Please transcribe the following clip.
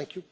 Thank you.